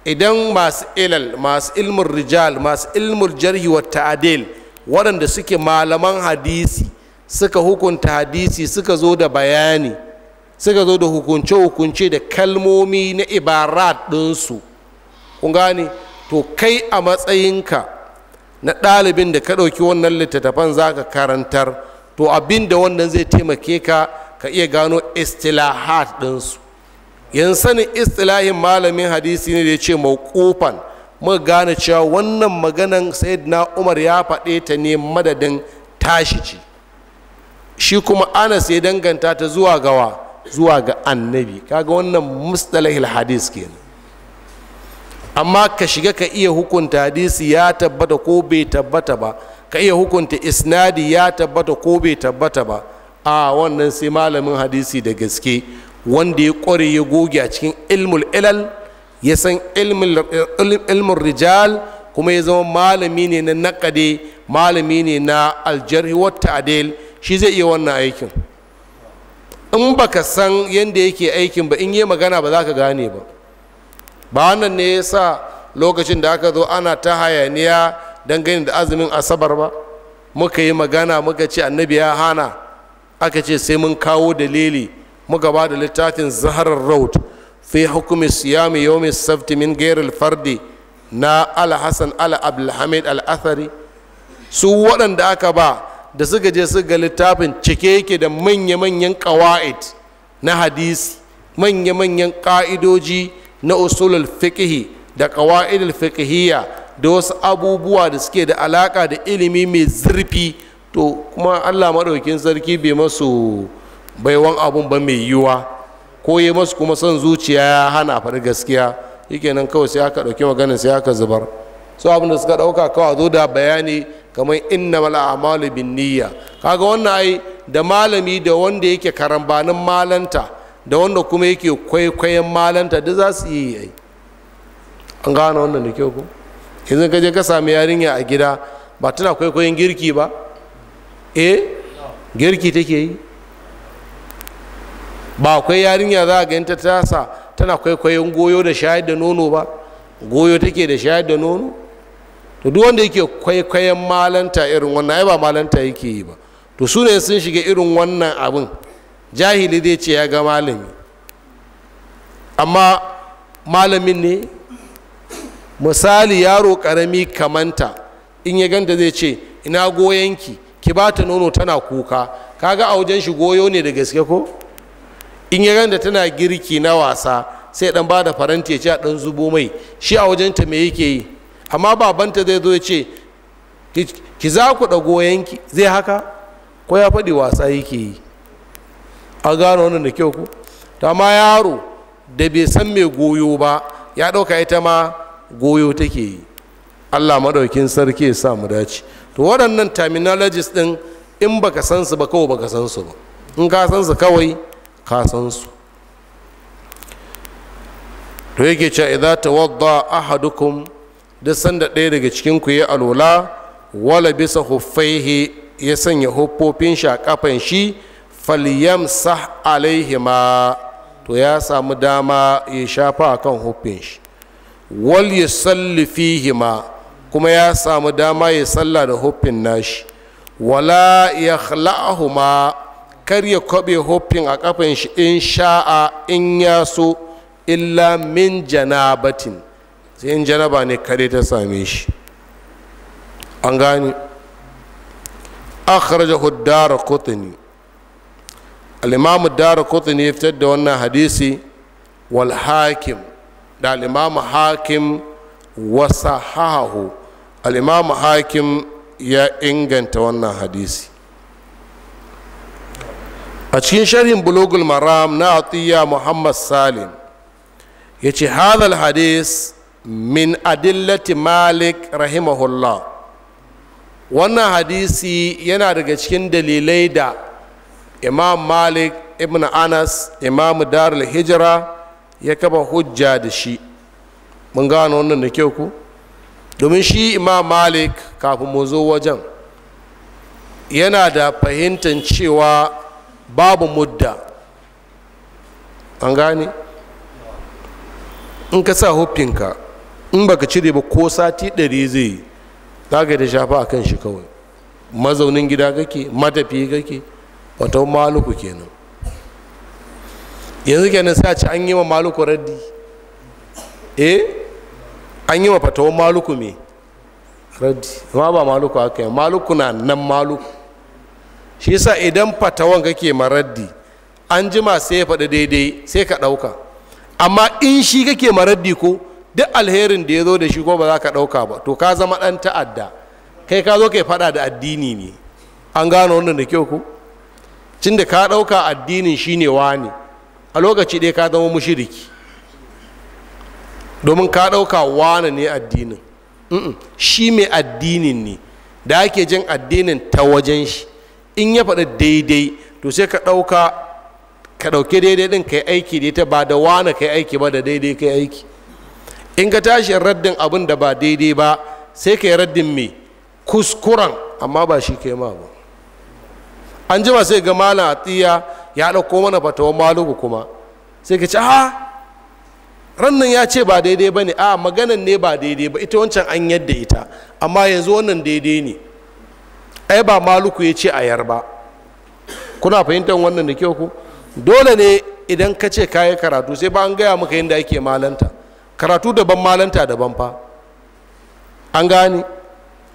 idan masu ilal masu ilmin rijal masu ilmin jarhi wa ta'adil waɗanda suke malaman hadisi suka hukunta hadisi suka zo da bayani suka zo da hukunce-hukunce da kalmomi na ibarat ɗinsu kun gane to kai a matsayinka na ɗalibin da ka ɗauki wannan littattafan za ka karantar to abin da wannan zai taimake ka ka iya gano istilahat ɗinsu yan sanin istilahin malamin hadisi ne da ya ce mawqufan muka gane cewa wannan maganan sayyidina umar ya faɗe ta ne madadin tashi ce shi kuma anas ya danganta ta zuwa gawa zuwa ga annabi kaga wannan mustalahil hadis kenan amma ka shiga ka iya hukunta hadisi ya tabbata ko bai tabbata ba ka iya hukunta isnadi ya tabbata ko bai tabbata ba a wannan sai malamin hadisi da gaske wanda ya kware ya goge a cikin ilmul ilal ya san ilmul rijal kuma ya zama malami ne na naƙade malami ne na aljarhi wata adil shi zai iya wannan aikin in baka san yadda yake aikin ba in yi magana ba za ka gane ba ba wannan ne ya sa lokacin da aka zo ana ta hayaniya dangane da azumin asabar ba muka yi magana muka ce annabi ya hana aka ce sai mun kawo dalili muka ba da littafin zaharar road fi hukumi siyami yomi safti min gairil fardi na ala hassan ala abdulhamid al su waɗanda aka ba da suka je su ga littafin cike yake da manya-manyan ƙawa'id na hadisi manya-manyan ƙa'idoji na usulul fiqhi da ƙawa'idul fiqhiyya da wasu abubuwa da suke da alaƙa da ilimi mai zurfi to kuma allah maɗaukin sarki bai masu Bai wan abun ba mai yiwuwa ko yi masu kuma son zuciya ya hana faɗi gaskiya yake nan kawai sai aka ɗauki maganin sai aka zubar su abin da suka ɗauka kawai zo da bayani kamar inna mala amalu bin niyya kaga wannan ai da malami da wanda yake karambanin malanta da wanda kuma yake kwaikwayon malanta da za su yi ai an gane wannan da kyau ko yanzu ka je ka sami yarinya a gida ba tana kwaikwayon girki ba eh girki take yi ba akwai yarinya za a ganta tasa tana kwaikwayon goyo da shayar da nono ba goyo take da shayar da nono to duk wanda yake kwaikwayon malanta irin wannan ai ba malanta yake yi ba to su ne sun shiga irin wannan abin jahili zai ce ya ga malami amma malamin ne misali yaro karami kamanta in ya ganta zai ce ina goyonki ki ba ta nono tana kuka kaga a wajen shi goyo ne da gaske ko in ya da tana girki na wasa sai dan ba da faranti ya ce a dan zubo mai shi a wajenta me yake yi amma babanta zai zo ya ce ki za ku ɗago yanki zai haka ko ya faɗi wasa yake yi a gano wannan da kyau ku ta ma yaro da bai san mai goyo ba ya ɗauka ita ma goyo take yi allah maɗaukin sarki ya sa mu dace to waɗannan terminologies ɗin in baka san su ba kawai baka san su ba in ka san su kawai ka san su to yake cewa idza tawadda ahadukum duk sanda ɗaya daga cikin ku ya alwala wala bisa huffaihi ya sanya huffofin shi a kafan shi falyamsah alaihima to ya samu dama ya shafa akan huffin shi wal yusalli fihima kuma ya samu dama ya salla da huffin nashi wala ya khla'ahuma kar ya kwabe hoffin a kafin shi in sha'a in ya so illa min janabatin sai in janaba ne kare ta same shi an gane akhrajahu dara kotani al-imamu dara kotani ya fitar da wannan hadisi wal hakim da al-imamu hakim wasahahu al-imamu hakim ya inganta wannan hadisi a cikin sharhin bulogul maram na atiya muhammad salim ya ce hadal hadis min adillati malik rahimahullah wannan hadisi yana daga cikin dalilai da imam malik ibn anas imam darul hijira ya kaba hujja da shi mun gano wannan da kyau ku domin shi imam malik kafin mu zo wajen yana da fahimtar cewa babu mudda an gane in ka sa hufinka in baka cire ba ko sati ɗari zai yi za ka da shafa a kan shi kawai mazaunin gida kake matafi kake wata maluku kenan yanzu kenan sai a ci an yi wa maluku raddi eh an yi wa fatawan maluku me raddi ma ba maluku haka yi maluku na nan maluku shi yasa idan fatawan kake maraddi an jima sai ya faɗi daidai sai ka ɗauka amma in shi kake maraddi ko duk alherin da ya zo da shi ko ba za ka ɗauka ba to ka zama ɗan ta'adda kai ka zo kai faɗa da addini ne an gano wannan da kyau ko cin da ka ɗauka addinin shi ne wani a lokaci ɗaya ka zama mushiriki domin ka ɗauka na ne addinin shi mai addinin ne da ake jin addinin ta wajen shi in ya faɗa daidai to sai ka ɗauka ka ɗauki daidai ɗin ka yi aiki da ita ba da wane ka yi aiki ba da daidai ka yi aiki in ka tashi raddin abin da ba daidai ba sai ka yi raddin mai kuskuren amma ba shi kai ma ba an jima sai ga malam atiya ya ɗauko mana fatawan maluku kuma sai ka ce ha rannan ya ce ba daidai ba ne a maganan ne ba daidai ba ita wancan an yadda ita amma yanzu wannan daidai ne ai ba maluku ya ce a yar ba kuna fahimtar wannan da kyau ku dole ne idan ka ce kayi karatu sai ba an gaya maka yadda ake malanta karatu daban malanta daban fa an gane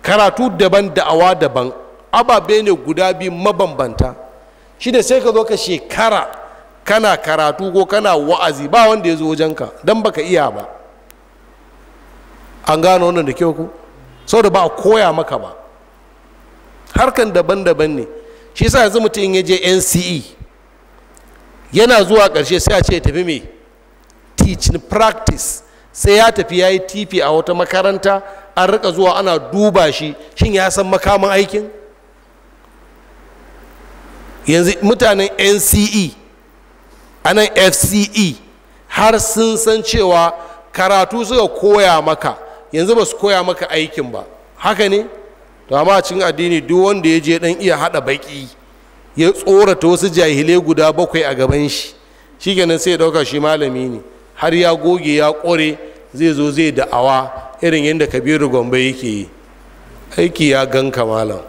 karatu daban da'awa daban ababe ne guda biyu mabambanta shi ne sai ka zo ka shekara kana karatu ko kana wa'azi ba wanda ya zo wajenka don baka iya ba an gano wannan da kyau ku sau da ba a koya maka ba harkan daban-daban ne shi sa yanzu mutum ya je nce yana zuwa ƙarshe sai a ce tafi mai teaching practice sai ya tafi ya yi tifi a wata makaranta an rika zuwa ana duba shi shin ya san makaman aikin yanzu mutanen nce anan fce har sun san cewa karatu suka koya maka yanzu ba su koya maka aikin ba haka ne to amma a cikin addini duk wanda ya je dan iya hada baki ya tsorata wasu jahilai guda bakwai a gaban shi shikenan sai ya dauka shi malami ne har ya goge ya kore zai zo zai da'awa irin yadda kabiru gombe yake yi aiki ya ganka malam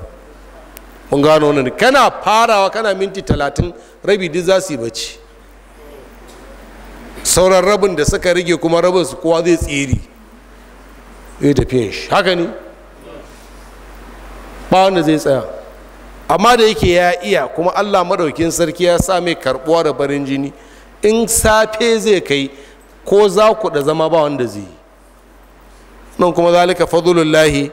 mun gano wannan kana farawa kana minti talatin rabi duk za su yi bacci sauran rabin da suka rage kuma rabin su kowa zai tsiri zai tafiyan shi haka ne ba wanda zai tsaya amma da yake ya iya kuma allah maɗaukin sarki ya sa mai karɓuwa da barin jini in safe zai kai ko za ku da zama ba wanda zai yi nan kuma zalika fadlullahi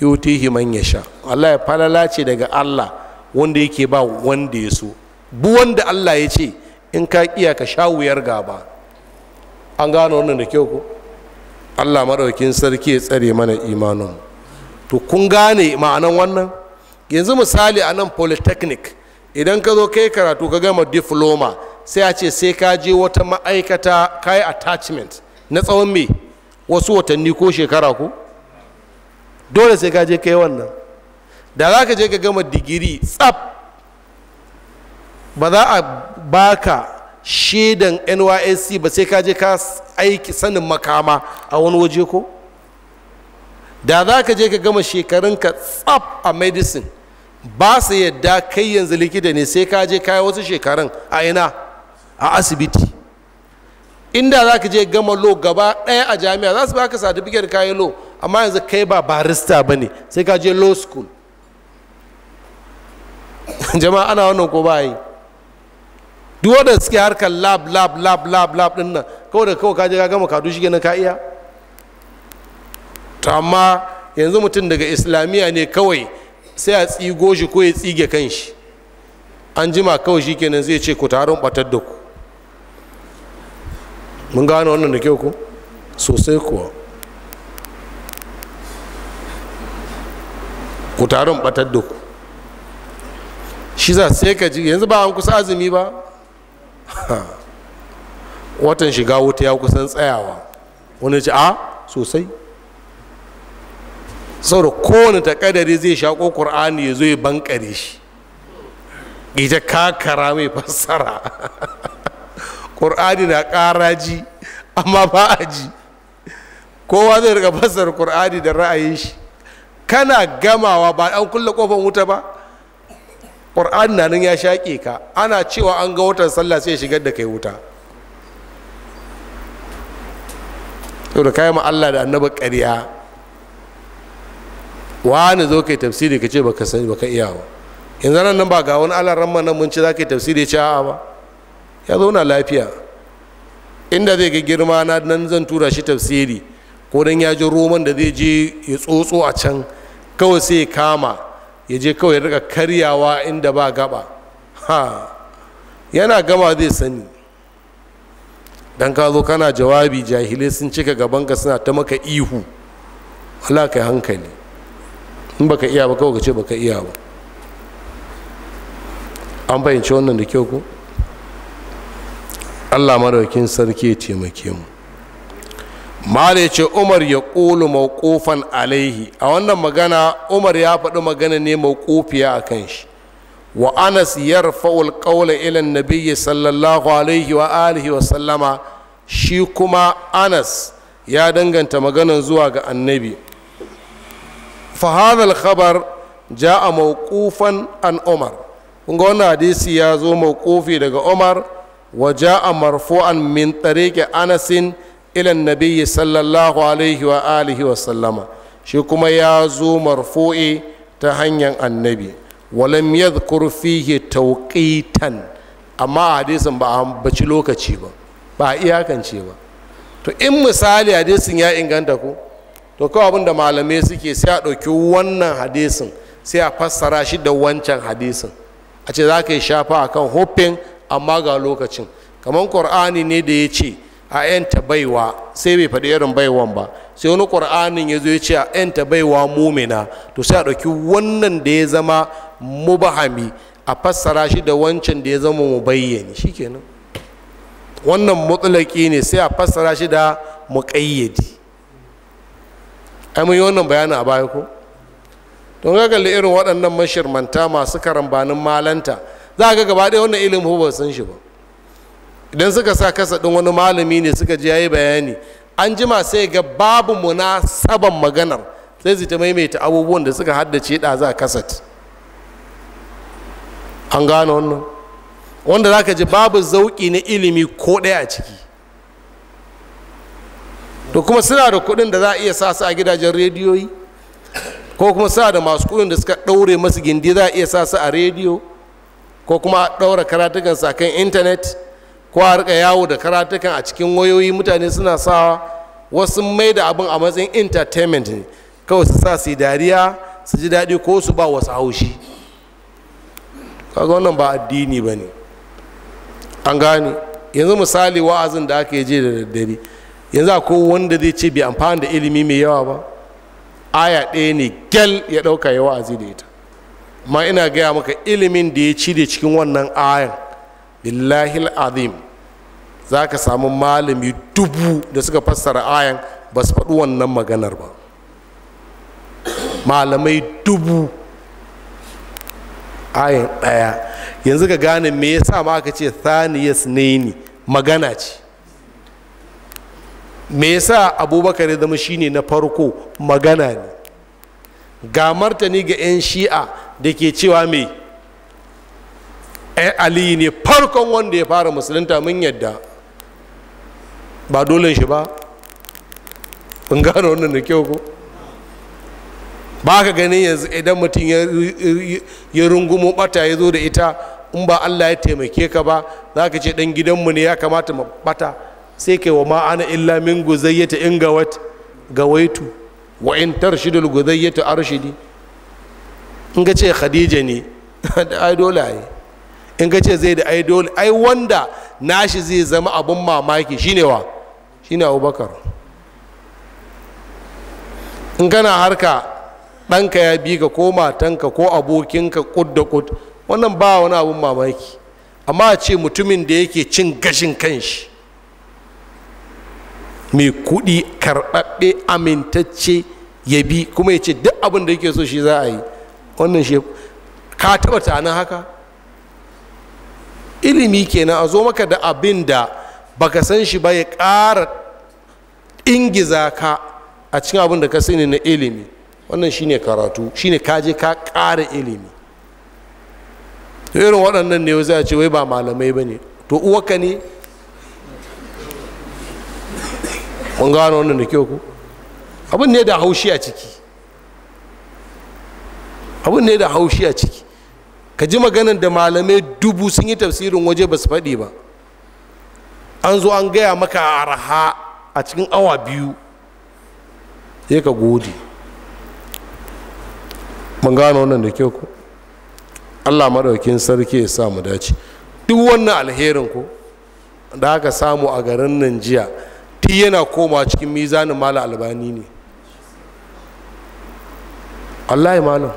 yutihi man yasha Allah ya falala ce daga Allah wanda yake ba wanda ya so bu wanda Allah ya ce in ka iya ka sha wuyar gaba an gano wannan da kyau ko Allah madaukin sarki ya tsare mana imanin mu to kun gane ma'anan wannan yanzu misali a nan polytechnic idan ka zo kai karatu ka gama diploma sai a ce sai ka je wata ma'aikata ka yi attachment na tsawon me wasu watanni ko shekara ko dole sai ka je kai wannan da za ka je ka gama digiri tsab ba za a baka shaidan nysc ba sai ka je ka aiki sanin makama a wani waje ko da za ka je ka gama ka tsaf a medicine ba su yadda kai yanzu likita ne sai ka je kayan wasu shekarun a ina a asibiti inda za ka je gama lo gaba ɗaya a jami'a za su baka certificate kayan lo amma yanzu kai ba barista ba ne sai ka je law school jama'a ana wannan ko ba yi duk wanda suke harkar lab lab lab lab lab ɗin kawai da kawai ka je ka gama kadu shi ka iya to amma yanzu mutum daga islamiyya ne kawai sai a tsigo shi ko ya tsige kanshi an jima kawai shi kenan zai ce ku taron batar da ku mun gano wannan da kyau ku sosai kuwa ku taron batar da ku shi za sai ka ji yanzu ba an kusa azumi ba watan shiga wuta ya kusan tsayawa wani ce a ah, sosai saboda kowane takadari zai shaƙo ƙur'ani ya zo ya bankare shi ita kakara mai fassara ƙur'ani na ƙaraji amma ba a ji kowa zai riga fassara ƙur'ani da ra'ayin shi kana gamawa ba an kulle ƙofar wuta ba ƙur'ani na nan ya shaƙe ka ana cewa an ga watan sallah sai shigar da kai wuta saboda kayan Allah da annaba ƙarya wani zo kai tafsiri ka ce baka sani baka iya ba yanzu nan ba ga wani alar manan nan mun ci za ka yi tafsiri ce a'a ba ya zauna lafiya inda zai ga girma na nan zan tura shi tafsiri ko dan ya ji roman da zai je ya tsotso a can kawai sai ya kama ya je kawai ya rika karyawa inda ba gaba ha yana gama zai sani dan ka zo kana jawabi jahilai sun cika gaban ka suna ta maka ihu wala kai hankali in baka iya ba kawai ka ce baka iya ba an fahimci wannan da kyau ko allah maraukin sarki ya taimake mu mala ce umar ya ƙulu mawƙofan alaihi a wannan magana umar ya faɗi magana ne mawƙofiya a kan shi wa anas yarfa'ul qawla ila an-nabiy sallallahu alaihi wa alihi wa sallama shi kuma anas ya danganta maganan zuwa ga annabi فهذا الخبر جاء موقوفا عن عمر kunga wannan hadisi ya zo mawqufi daga Umar wa ja'a marfu'an min tariqi Anas ila nabiyyi sallallahu alaihi wa alihi wa sallama shi kuma ya zo marfu'i ta hanyar annabi walam yadhkur fihi tawqitan amma hadisin ba a baci lokaci ba ba iyakance ba to in misali hadisin ya inganta ku to kawai abin da malamai suke sai a ɗauki wannan hadisin sai a fassara shi da wancan hadisin a ce za ka yi shafa a kan hoffin amma ga lokacin kamar ƙur'ani ne da ya ce a yanta baiwa sai bai faɗi irin baiwan ba sai wani ƙur'anin ya zo ya ce a yanta baiwa mumina to sai a ɗauki wannan da ya zama mubahami a fassara shi da wancan da ya zama mu shi kenan wannan mutsulaki ne sai a fassara shi da muƙayyadi ai mun yi wannan bayanin a baya ko don ga kalli irin waɗannan mashirmanta masu karambanin malanta za ga gaba ɗaya wannan ilimin ba san shi ba idan suka sa kasa ɗin wani malami ne suka ji yayi bayani an jima sai ga babu munasaban maganar sai su ta maimaita abubuwan da suka haddace da za kasat an gane wannan wanda za ka ji babu zauƙi na ilimi ko ɗaya a ciki to kuma suna da kuɗin da za a iya sa su a gidajen rediyoyi ko kuma suna da masu kuɗin da suka ɗaure masu gindi za a iya sa su a rediyo ko kuma a ɗaura karatukan sa kan intanet ko a rika yawo da karatukan a cikin wayoyi mutane suna sawa wasu mai da abin a matsayin entertainment ne kawai su sa su dariya su ji daɗi ko su ba wasu haushi kaga wannan ba addini ba ne an gane yanzu misali wa'azin da ake je da daddare yanzu ko wanda zai ce bai amfani da ilimi mai yawa ba aya ɗaya ne gyal ya ɗauka ya wa'azi da ita ma ina gaya maka ilimin da ya cire cikin wannan ayan billahi azim za ka samu malami dubu da suka fassara ayan ba su faɗi wannan maganar ba malamai dubu ayan ɗaya yanzu ka gane me yasa ma aka ce thaniyas ne ni magana ce me yasa abubakar ya zama shine na farko magana ne ga martani ga 'yan shi'a da ke cewa me ali ne farkon wanda ya fara musulunta mun yadda ba dole shi ba in gano wannan da kyau ko ba ka ganin yanzu idan mutum ya rungumo bata ya zo da ita in ba allah ya taimake ka ba za ka ce dan gidanmu ne ya kamata mu bata sai kai wa ma'ana illa min guzayyata in gawat gawaitu wa in tarshidul guzayyata arshidi in ga ce khadija ne ai dole ai in ga ce zai da ai dole ai wanda nashi zai zama abun mamaki shine wa shine abubakar in kana harka ɗanka ya bi ka ko matanka ko abokinka kud da kud wannan ba wani abun mamaki amma a ce mutumin da yake cin gashin kanshi mai kuɗi karɓaɓɓe amintacce ya bi kuma ya ce duk abin da yake so shi za a yi wannan shi ka taɓa nan haka ilimi kenan a zo maka da abin da baka san shi ba ya ƙara ingiza ka a cikin abin da ka sani na ilimi wannan shine karatu shine kaje ka ƙara ilimi irin waɗannan ne za a ce wai ba malamai ba ne to uwaka ne mun gano wannan da kyau ku abin ne da haushi a ciki abin ne da haushi a ciki ka ji maganin da malamai dubu sun yi tafsirin waje ba su faɗi ba an zo an gaya maka a araha a cikin awa biyu ya ka gode mun gano wannan da kyau ku allah maɗaukin sarki ya sa mu dace duk wannan alherin ku da aka samu a garin nan jiya shi yana koma cikin mizanin mala albani ne Allah ya malam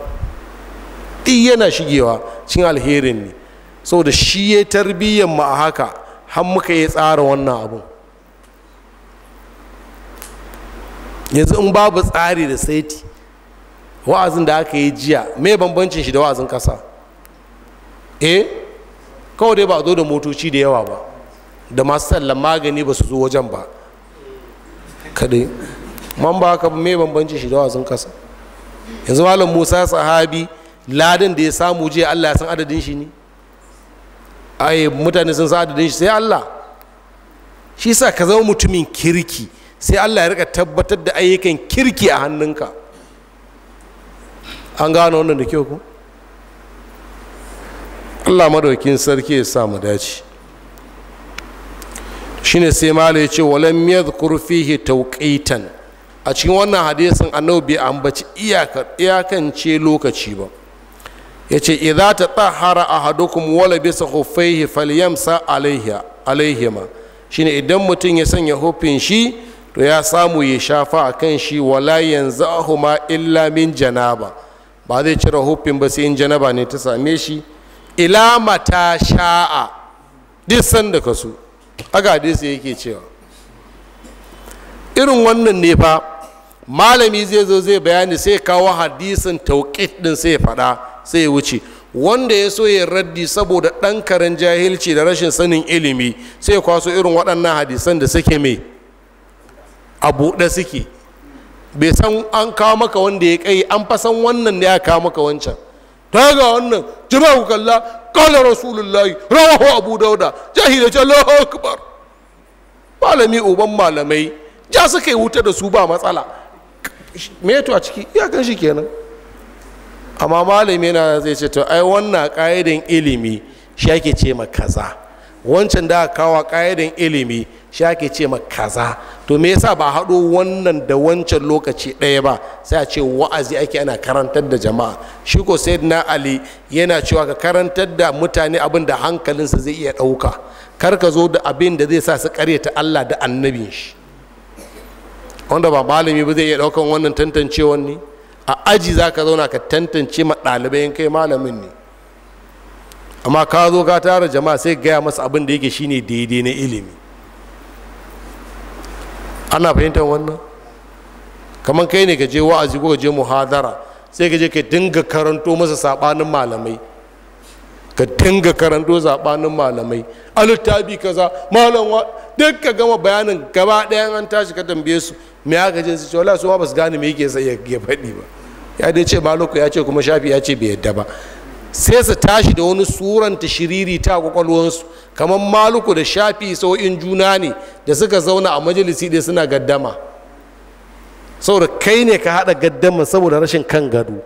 ɗi yana shigewa cikin alherin ne saboda shi ya tarbiyyar mu a haka har muka yi tsara wannan abun yanzu in babu tsari da saiti wa'azin da aka yi jiya me bambancin shi da wa'azin kasa e eh, kawai dai ba a zo da motoci da yawa ba da masu sallan magani ba su zo wajen ba kadai man ba haka me bambanci shi da wasan kasa yanzu malam musa sahabi ladin da ya samu jiya allah ya san adadin shi ne ai mutane sun san adadin shi sai allah shi sa ka zama mutumin kirki sai allah ya rika tabbatar da ayyukan kirki a hannunka an gano wannan da kyau ku allah madaukin sarki ya samu dace shine sai mala ya ce walam yadhkur fihi tawqitan a cikin wannan hadisin annabi bai ambaci iyakar iyakance lokaci ba yace idza tatahhara ahadukum wala bisa khuffaihi falyamsa alaiha alaihima shine idan mutum ya sanya hufin shi to ya samu ya shafa a kan shi wala yanzu ma illa min janaba ba zai cire hufin ba sai in janaba ne ta same shi ila mata sha'a duk sanda ka so haka hadisi yake cewa irin wannan ne fa malami zai zo zai bayani sai kawo hadisin tauƙit ɗin sai faɗa sai ya wuce wanda ya so ya raddi saboda ɗan karen jahilci da rashin sanin ilimi sai kwaso irin waɗannan hadisan da suke mai a buɗe suke bai san an kawo maka wanda ya kai an fasan wannan ne ya kawo maka wancan ta ga wannan jama'a kalla kala rasulullahi rawahu abu dauda jahila ce allahu akbar malami uban malamai ja suka yi wuta da su ba matsala me a ciki ya kan shi kenan amma malami na zai ce to ai wannan ka'idan ilimi shi ake ce ma kaza wancan da kawo ƙa'idan ilimi shi ake ce ma kaza to me yasa ba haɗo wannan da wancan lokaci ɗaya ba sai a ce wa'azi ake ana karantar da jama'a shi ko na ali yana cewa ka karantar da mutane abin da hankalinsa zai iya ɗauka kar ka zo da abin da zai sa su ƙaryata allah da annabin shi wanda ba malami ba zai iya ɗaukan wannan tantancewan ne a aji za ka zauna ka tantance ma ɗalibai kai malamin ne amma ka zo ka tara jama'a sai gaya masa abin da yake shine daidai na ilimi ana fahimtar wannan kamar kai ne ka je wa'azi ko ka je muhadara sai ka je ka dinga karanto masa sabanin malamai ka dinga karanto sabanin malamai alittabi kaza malam wa duk ka gama bayanin gaba ɗayan an tashi ka tambaye su me aka je su ce wala su ma ba su gane me yake sai ya faɗi ba ya dai ce maloko ya ce kuma shafi ya ce bai yadda ba sai su tashi da wani suranta shiriri ta kwakwalwansu kamar maluku da shafi sau'in juna ne da suka zauna a majalisi da suna gaddama saboda kai ne ka haɗa gaddama saboda rashin kan gado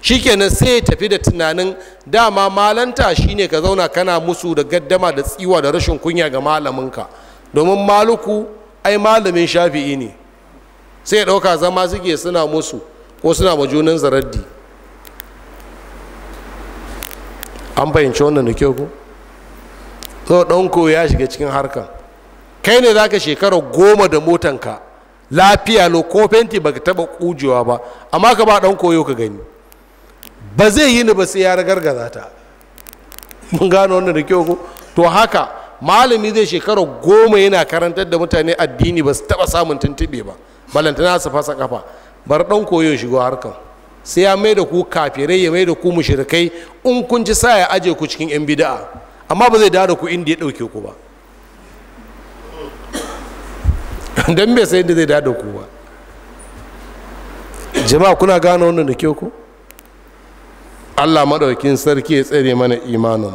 shikenan sai ya tafi da tunanin dama malanta shine ka zauna kana musu da gaddama da tsiwa da rashin kunya ga malaminka domin maluku ai malamin shafi'i ne sai ya ɗauka zama suke suna musu ko suna ma junan zaraddi an fahimci wannan da kyau ko so ɗanko ya shiga cikin harkan kai ne zaka shekara goma da motanka lafiya lo ko fenti baka taba kujewa ba amma ka ba ɗan koyo ka gani ba zai yi ni ba sai ya ragargaza ta mun gano wannan da kyau ko to haka malami zai shekara goma yana karantar da mutane addini ba su taba samun tuntuɓe ba balantana su fasa kafa bar ɗan koyo shigo harkan sai ya mai da ku kafirai ya mai da ku mushrikai in kun ci sa ya aje ku cikin yan bida'a amma ba zai dawo da ku inda ya dauke ku ba don bai sai inda zai dawo da ku ba jama'a kuna gane wannan da ke ku Allah maɗaukin sarki ya tsere mana imanin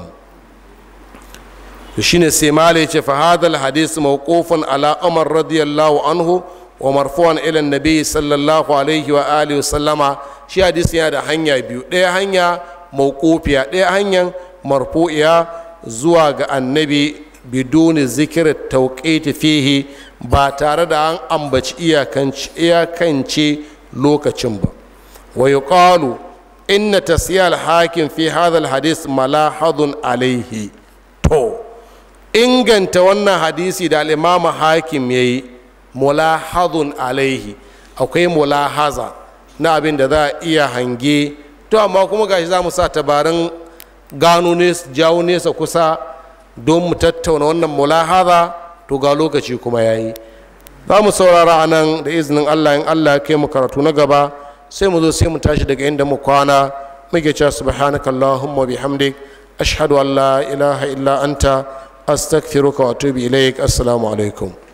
shi shine sai malai ce fa hadal hadith mawqufun ala radiyallahu anhu wa marfu'an ila nabi sallallahu alaihi wa alihi wa sallama shi hadisi yana da hanya biyu ɗaya hanya mawqufiya ɗaya hanyar marfu'iya zuwa ga annabi biduni zikirin tauƙiti fihi ba tare da an ambaci iyakance lokacin ba wa yuqalu inna tasiyal hakim fi hadal hadis malahadun alaihi to inganta wannan hadisi da al'imama hakim ya yi mulahazun alaihi akwai mulahaza na abin da za a iya hange to amma kuma gashi za mu sa tabarin gano nesa jawo nesa kusa don mu tattauna wannan mulahaza to ga lokaci kuma ya yi za mu saurara a nan da izinin allah in allah kai mu karatu na gaba sai mu zo sai mu tashi daga inda mu kwana muke cewa subhanaka allahumma bihamdik ashhadu an la ilaha illa anta astaghfiruka wa atubu ilaik assalamu alaikum